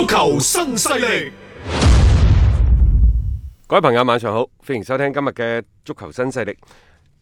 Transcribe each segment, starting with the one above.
足球新勢力，各位朋友晚上好，歡迎收聽今日嘅足球新勢力。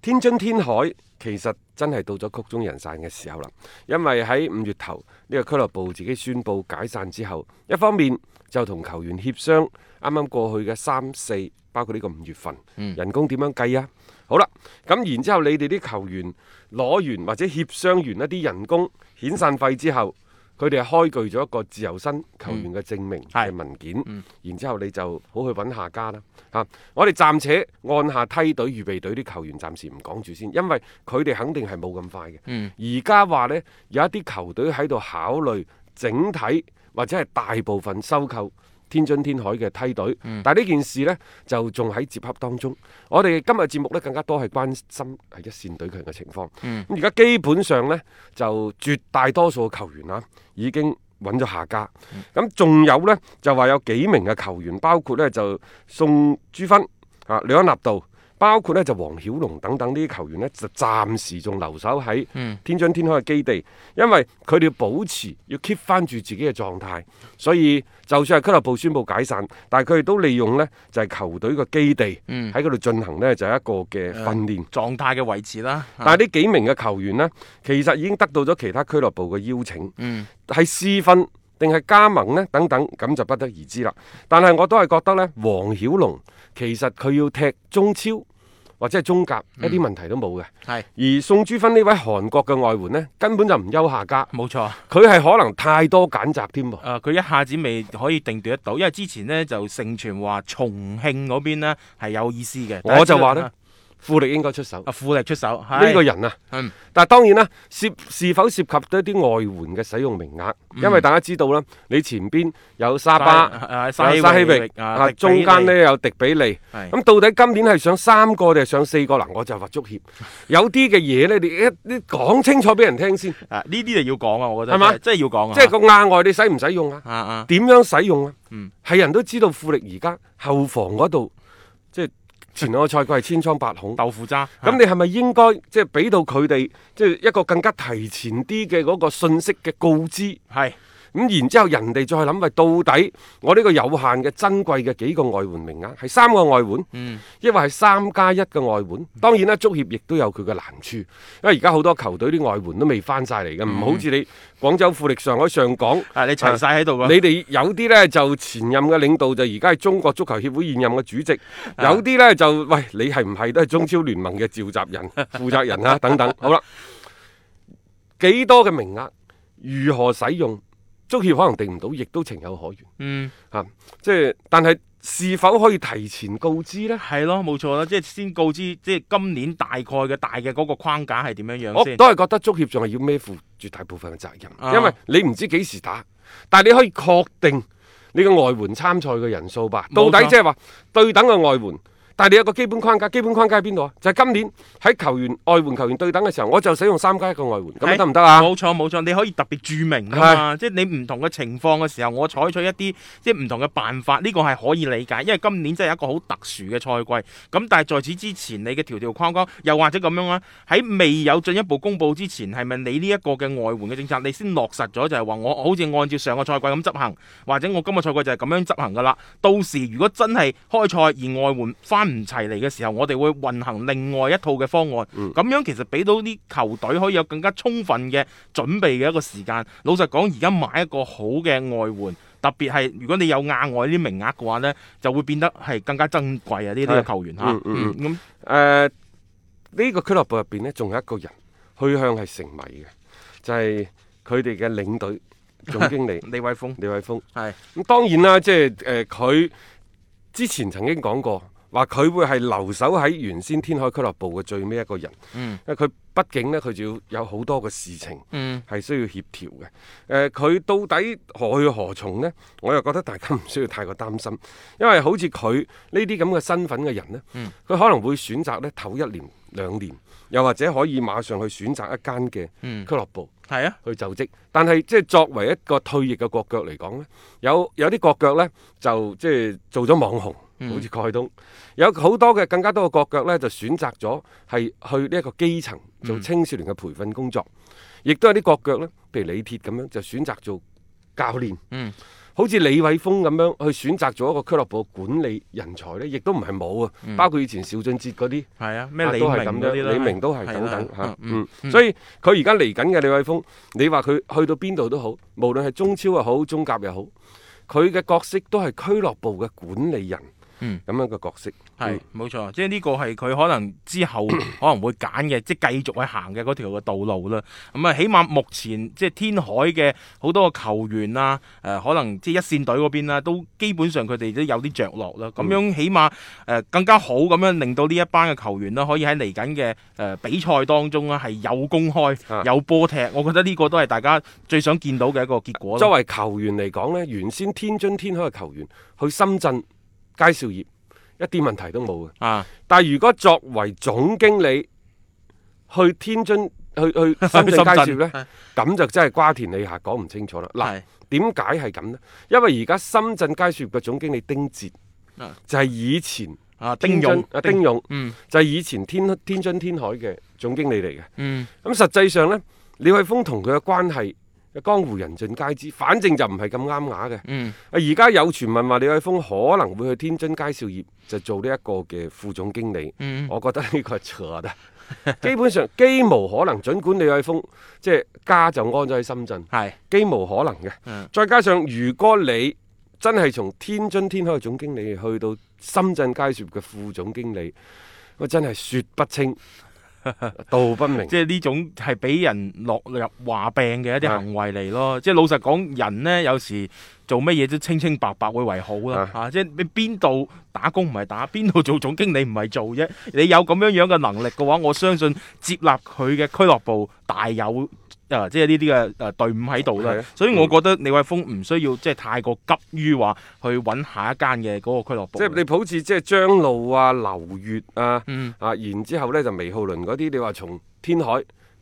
天津天海其實真係到咗曲終人散嘅時候啦，因為喺五月頭呢個俱樂部自己宣布解散之後，一方面就同球員協商，啱啱過去嘅三、四，包括呢個五月份，嗯，人工點樣計啊？好啦，咁然之後你哋啲球員攞完或者協商完一啲人工遣散費之後。佢哋係開具咗一個自由身球員嘅證明嘅、嗯、文件，嗯、然之後你就好去揾下家啦嚇、啊。我哋暫且按下梯隊、預備隊啲球員，暫時唔講住先，因為佢哋肯定係冇咁快嘅。而家話呢，有一啲球隊喺度考慮整體或者係大部分收購。天津天海嘅梯隊，嗯、但係呢件事呢就仲喺接洽當中。我哋今日節目呢更加多係關心係一線隊強嘅情況。咁而家基本上呢，就絕大多數嘅球員啦，啊，已經揾咗下家。咁仲、嗯、有呢，就話有幾名嘅球員，包括呢就宋朱芬啊、李安納道。包括咧就黃曉龍等等呢啲球員呢就暫時仲留守喺天津天海嘅基地，嗯、因為佢哋要保持要 keep 翻住自己嘅狀態，所以就算係俱樂部宣布解散，但係佢哋都利用呢就係、是、球隊嘅基地喺嗰度進行呢就係、是、一個嘅訓練、嗯啊、狀態嘅維持啦。但係呢幾名嘅球員呢，其實已經得到咗其他俱樂部嘅邀請，係、嗯、試訓。定係加盟呢？等等，咁就不得而知啦。但係我都係覺得呢，王曉龍其實佢要踢中超或者係中甲一啲、嗯、問題都冇嘅。係是而宋朱芬呢位韓國嘅外援呢，根本就唔愁下家。冇錯、啊，佢係可能太多揀擇添噃。啊、呃，佢一下子未可以定奪得到，因為之前呢就盛傳話重慶嗰邊呢係有意思嘅。我就話呢。 富力應該出手啊！富力出手呢個人啊，但係當然啦，涉是否涉及到一啲外援嘅使用名額？因為大家知道啦，你前邊有沙巴、沙希榮，啊，中間呢有迪比利，咁到底今年係上三個定係上四個？嗱，我就話足協有啲嘅嘢咧，你一啲講清楚俾人聽先。啊，呢啲就要講啊，我覺得係咪？即係要講啊！即係個亞外你使唔使用啊？啊啊，點樣使用啊？嗯，係人都知道富力而家後防嗰度即係。 前個賽季係千瘡百孔，豆腐渣。咁、嗯、你係咪應該即係俾到佢哋即係一個更加提前啲嘅嗰個信息嘅告知？係。咁然之後，人哋再諗喂，到底我呢個有限嘅珍貴嘅幾個外援名額係三個外援，抑或係三加一嘅外援？當然啦，足協亦都有佢嘅難處，因為而家好多球隊啲外援都未翻晒嚟嘅，唔好似你廣州富力、上海上港，嗯呃、你齊曬喺度。你哋有啲呢，就前任嘅領導就而家係中國足球協會現任嘅主席，有啲呢，就喂，你係唔係都係中超聯盟嘅召集人、 負責人啊？等等，好啦，幾多嘅名額，如何使用？足協可能定唔到，亦都情有可原。嗯，嚇，即係，但係是，是否可以提前告知呢？係咯，冇錯啦，即係先告知，即係今年大概嘅大嘅嗰個框架係點樣樣。我都係覺得足協仲係要孭負絕大部分嘅責任，啊，因為你唔知幾時打，但係你可以確定你嘅外援參賽嘅人數吧？到底，冇錯。即係話對等嘅外援。但係你有個基本框架，基本框架喺邊度啊？就係今年喺球員外援球員對等嘅時候，我就使用三加一個外援咁得唔得啊？冇錯冇錯，你可以特別注明啊嘛，是即係你唔同嘅情況嘅時候，我採取一啲即係唔同嘅辦法，呢個係可以理解，因為今年真係一個好特殊嘅賽季。咁但係在此之前，你嘅條條框框又或者咁樣啊，喺未有進一步公布之前，係咪你呢一個嘅外援嘅政策你先落實咗？就係話我好似按照上個賽季咁執行，或者我今個賽季就係咁樣執行噶啦。到時如果真係開賽而外援翻。唔齊嚟嘅時候，我哋會運行另外一套嘅方案。咁樣其實俾到啲球隊可以有更加充分嘅準備嘅一個時間。老實講，而家買一個好嘅外援，特別係如果你有亞外啲名額嘅話呢，就會變得係更加珍貴是啊！呢啲球員吓。咁、嗯。誒、呢、uh、個俱樂部入邊呢，仲有一個人去向係成謎嘅，就係佢哋嘅領隊總經理李瑋峰。李瑋峰係。咁當然啦，即係佢之前曾經講過。話佢會係留守喺原先天海俱樂部嘅最尾一個人，因為佢畢竟呢，佢就要有好多嘅事情係需要協調嘅。誒、呃，佢到底何去何從呢？我又覺得大家唔需要太過擔心，因為好似佢呢啲咁嘅身份嘅人呢，佢、嗯、可能會選擇呢唞一年、兩年，又或者可以馬上去選擇一間嘅俱樂部係啊去就職。但係即係作為一個退役嘅國腳嚟講呢，有有啲國腳呢，就即係做咗網紅。嗯、好似蓋東有好多嘅更加多嘅國腳呢，就選擇咗係去呢一個基層做青少年嘅培訓工作，亦、嗯、都有啲國腳呢，譬如李鐵咁樣就選擇做教練。嗯，好似李瑋峰咁樣去選擇做一個俱樂部嘅管理人才呢，亦都唔係冇啊。嗯、包括以前邵俊哲嗰啲，係啊，咩都明嗰啲李明、啊、都係等等嚇。啊啊、嗯，嗯，所以佢而家嚟緊嘅李瑋峰，你話佢去到邊度都好，無論係中超又好，中甲又好，佢嘅角色都係俱樂部嘅管理人。嗯，咁樣個角色係冇錯，即係呢個係佢可能之後可能會揀嘅， 即係繼續去行嘅嗰條嘅道路啦。咁啊，起碼目前即係天海嘅好多個球員啊，誒、呃，可能即係一線隊嗰邊啦，都基本上佢哋都有啲着落啦。咁樣起碼誒、呃、更加好咁樣令到呢一班嘅球員啦，可以喺嚟緊嘅誒比賽當中啊，係有公開有波踢。啊、我覺得呢個都係大家最想見到嘅一個結果。啊、作為球員嚟講呢，原先天津天海嘅球員去深圳佳兆業一啲問題都冇嘅，啊、但係如果作為總經理去天津，去去深圳佳兆呢，咁就真係瓜田李下講唔清楚啦。嗱，點解係咁呢？因為而家深圳佳兆業嘅總經理丁哲，啊、就係以前啊丁勇，啊丁勇，丁勇嗯、就係以前天，天津天海嘅總經理嚟嘅。咁實際上呢，李瑋峰同佢嘅關係。江湖人盡皆知，反正就唔係咁啱雅嘅。嗯，而家有傳聞話李瑋峰可能會去天津佳兆業就做呢一個嘅副總經理。嗯，我覺得呢個係錯啦， 基本上幾無可能。儘管李瑋峰即係家就安咗喺深圳，係幾是無可能嘅。是再加上如果你真係從天津天海嘅總經理去到深圳佳兆業嘅副總經理，我真係説不清。 道不明，即係呢種係俾人落入話柄嘅一啲行為嚟咯。是的 即係老實講，人咧有時。做乜嘢都清清白白會為好啦嚇、啊啊，即係你邊度打工唔係打，邊度做總經理唔係做啫。你有咁樣樣嘅能力嘅話，我相信接納佢嘅俱樂部大有誒、呃，即係呢啲嘅誒隊伍喺度啦。的所以我覺得李瑋峰唔需要、嗯、即係太過急於話去揾下一間嘅嗰個俱樂部。即係你好似即係張路啊、劉越啊，嗯、啊，然之後咧就微浩倫嗰啲，你話從天海，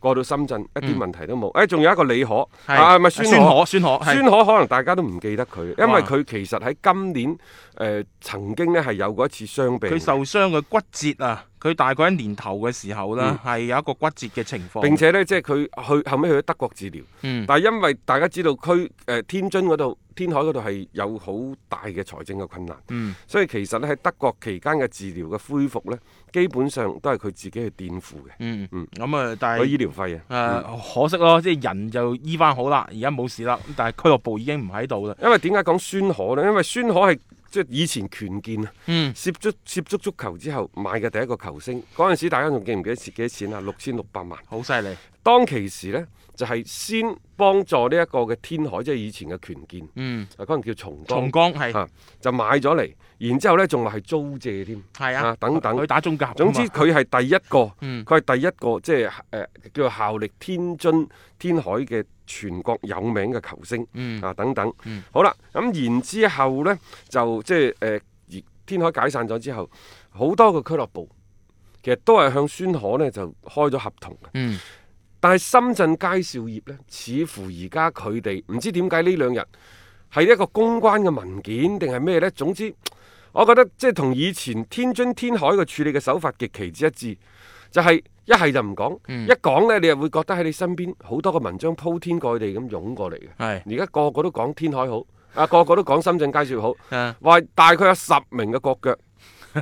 過到深圳一啲問題都冇，誒仲、嗯哎、有一個李可，是啊唔係孫孫可孫可，孫可可能大家都唔記得佢，因為佢其實喺今年誒、呃、曾經呢係有過一次傷病，佢受傷嘅骨折啊，佢大概喺年頭嘅時候啦，係、嗯、有一個骨折嘅情況，並且呢，即係佢去後尾去咗德國治療，嗯、但係因為大家知道佢誒、呃、天津嗰度。天海嗰度係有好大嘅財政嘅困難，嗯、所以其實咧喺德國期間嘅治療嘅恢復咧，基本上都係佢自己去墊付嘅。嗯嗯，咁啊，但係個醫療費啊，誒、呃、可惜咯，即係人就醫翻好啦，而家冇事啦，但係俱樂部已經唔喺度啦。因為點解講孫可咧？因為孫可係。即係以前權健啊，涉足涉足足球之後買嘅第一個球星，嗰陣時大家仲記唔記得蝕幾多錢啊？六千六百萬，好犀利。當其時咧，就係、是、先幫助呢一個嘅天海，即、就、係、是、以前嘅權健。嗯，嗰陣、啊、叫松江，松江係、啊、就買咗嚟，然之後咧仲話係租借添，係啊，啊，啊，等等，佢打中甲。總之佢係第一個，佢係、嗯、第一個，即係誒叫做效力天津天海嘅。全國有名嘅球星、嗯、啊等等，嗯、好啦，咁、嗯、然之後呢，就即係誒，天海解散咗之後，好多個俱樂部其實都係向孫可呢就開咗合同嘅。嗯、但係深圳佳兆業呢，似乎而家佢哋唔知點解呢兩日係一個公關嘅文件定係咩呢？總之，我覺得即係同以前天津天海嘅處理嘅手法極其一致，就係、是。一係就唔講，一講呢你又會覺得喺你身邊好多個文章鋪天蓋地咁湧過嚟嘅。而家個個都講天海好，啊個個都講深圳佳兆好，話大概有十名嘅國腳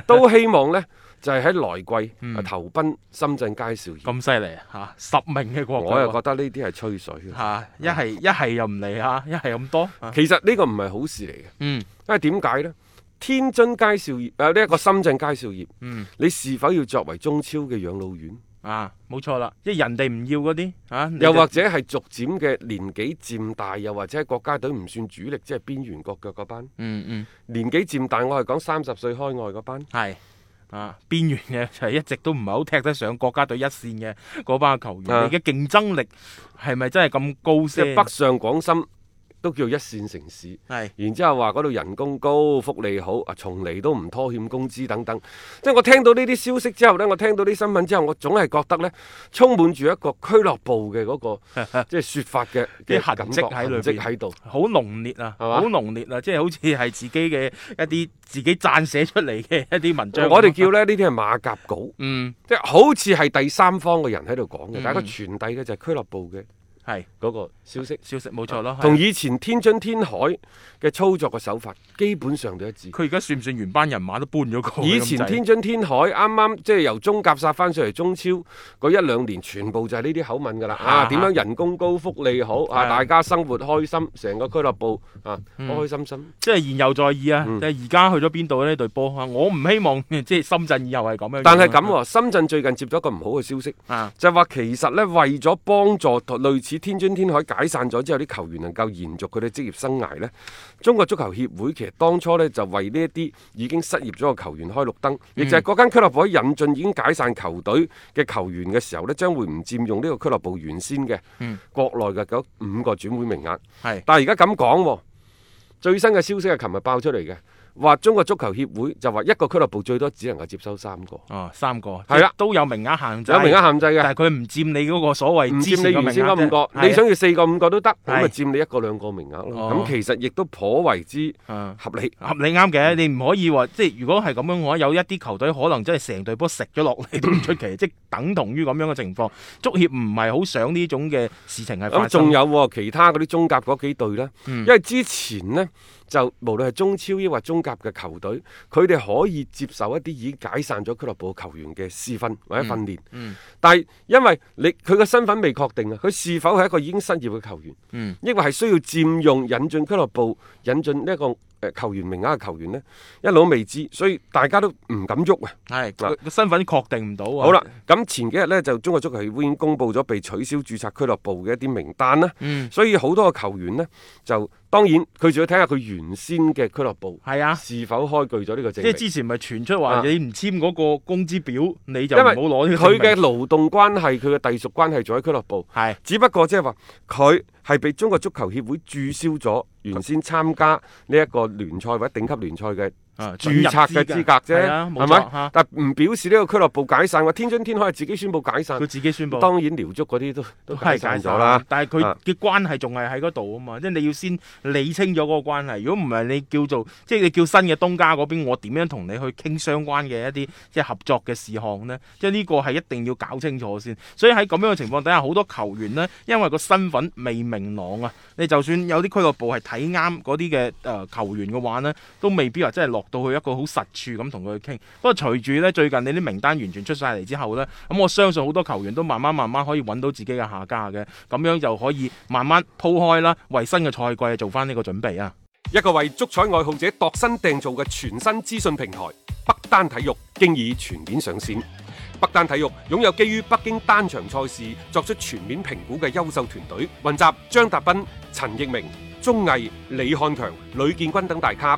都希望呢就係喺來季投奔深圳佳兆業。咁犀利吓，十名嘅國？我又覺得呢啲係吹水。吓，一係一係又唔嚟啊！一係咁多，其實呢個唔係好事嚟嘅。嗯，因為點解呢？天津佳兆業誒，呢一個深圳佳兆業，你是否要作為中超嘅養老院？啊，冇錯啦，即係人哋唔要嗰啲，啊，又或者係逐漸嘅年紀漸大，又或者係國家隊唔算主力，即係邊緣國腳嗰班。嗯嗯，嗯年紀漸大，我係講三十歲開外嗰班。係，啊，邊緣嘅就係一直都唔係好踢得上國家隊一線嘅嗰班球員，啊、你嘅競爭力係咪真係咁高先、啊？即北上廣深。都叫一線城市，係。對 然之後話嗰度人工高、福利好，啊從嚟都唔拖欠工資等等。即係我聽到呢啲消息之後呢，我聽到啲新聞之後，我總係覺得呢充滿住一個俱樂部嘅嗰、嗰個即係説法嘅啲痕跡，痕跡喺度，好濃烈啊，係嘛？好濃烈啊！即係好似係自己嘅一啲自己撰寫出嚟嘅一啲文章。我哋叫咧呢啲係馬甲稿， 嗯，即係好似係第三方嘅人喺度講嘅，但係佢傳遞嘅就係俱樂部嘅。係嗰個消息，消息冇錯咯。同以前天津天海嘅操作嘅手法基本上都一致。佢而家算唔算原班人馬都搬咗過？以前天津天海啱啱即係由中甲殺翻上嚟中超嗰一兩年，全部就係呢啲口吻㗎啦。啊，點樣人工高、福利好啊？大家生活開心，成個俱樂部啊，開開心心。即係言猶在意啊！但係而家去咗邊度，呢隊波我唔希望即係深圳以後又係咁樣。但係咁，深圳最近接咗一個唔好嘅消息，就係話其實呢，為咗幫助類似。以天津天海解散咗之後啲球員能夠延續佢哋職業生涯咧，中國足球協會其實當初咧就為呢一啲已經失業咗嘅球員開綠燈，亦、嗯、就係嗰間俱樂部喺引進已經解散球隊嘅球員嘅時候咧，將會唔佔用呢個俱樂部原先嘅國內嘅嗰五個轉會名額，係、嗯，但係而家咁講，最新嘅消息係琴日爆出嚟嘅。話中國足球協會就話一個俱樂部最多只能夠接收三個哦，三個係啦，都、啊、有名額限制，有名額限制嘅，但係佢唔佔你嗰個所謂唔占佔你原先嗰五個，你想要四個五個都得，咁啊佔你一個兩個名額咯。咁、哦嗯、其實亦都頗為之合理，啊、合理啱嘅。你唔可以話即係如果係咁樣嘅話，有一啲球隊可能真係成隊波食咗落嚟都唔出奇， 即等同於咁樣嘅情況。足協唔係好想呢種嘅事情。係咁仲有、哦、其他嗰啲中甲嗰幾隊呢，因為之前呢。嗯就無論係中超抑或中甲嘅球隊，佢哋可以接受一啲已經解散咗俱樂部球員嘅試訓或者訓練。嗯。嗯，但係因為你佢嘅身份未確定啊，佢是否係一個已經失業嘅球員，嗯，抑或係需要佔用引進俱樂部引進呢一個。誒，球員名額嘅球員呢，一路未知，所以大家都唔敢喐啊。係是，個了身份確定唔到。啊。好啦，咁前幾日呢，就中國足球協會已經公布咗被取消注冊俱樂部嘅一啲名單啦。嗯、所以好多嘅球員呢，就當然佢仲要睇下佢原先嘅俱樂部係啊是否開具咗呢個證明。啊、即係之前咪傳出話你唔簽嗰個工資表，啊、你就冇攞呢個證明。佢嘅勞動關係，佢嘅隸屬關係仲喺俱樂部。係。只不過即係話佢。係被中國足球協會註銷咗原先參加呢一個聯賽或者頂級聯賽嘅。啊，註冊嘅資格啫，係咪吧但唔表示呢個俱樂部解散，天津天海自己宣布解散，佢自己宣布。當然，遼足嗰啲都都解散咗啦。了但係佢嘅關係仲係喺嗰度啊嘛，即係你要先理清咗嗰個關係。如果唔係你叫做，即係你叫新嘅東家嗰邊，我點樣同你去傾相關嘅一啲即係合作嘅事項呢？即係呢個係一定要搞清楚先。所以喺咁樣嘅情況底下，好多球員呢，因為個身份未明朗啊，你就算有啲俱樂部係睇啱嗰啲嘅誒球員嘅話呢，都未必話真係落。到去一個好實處咁同佢傾，不過隨住呢，最近你啲名單完全出晒嚟之後呢，咁我相信好多球員都慢慢慢慢可以揾到自己嘅下家嘅，咁樣就可以慢慢鋪開啦，為新嘅賽季做翻呢個準備啊！一個為足彩愛好者度身訂造嘅全新資訊平台北單體育，經已全面上線。北單體育擁有基於北京單場賽事作出全面評估嘅優秀團隊，雲集張達斌、陳奕明、鐘毅、李漢強、呂建軍等大咖。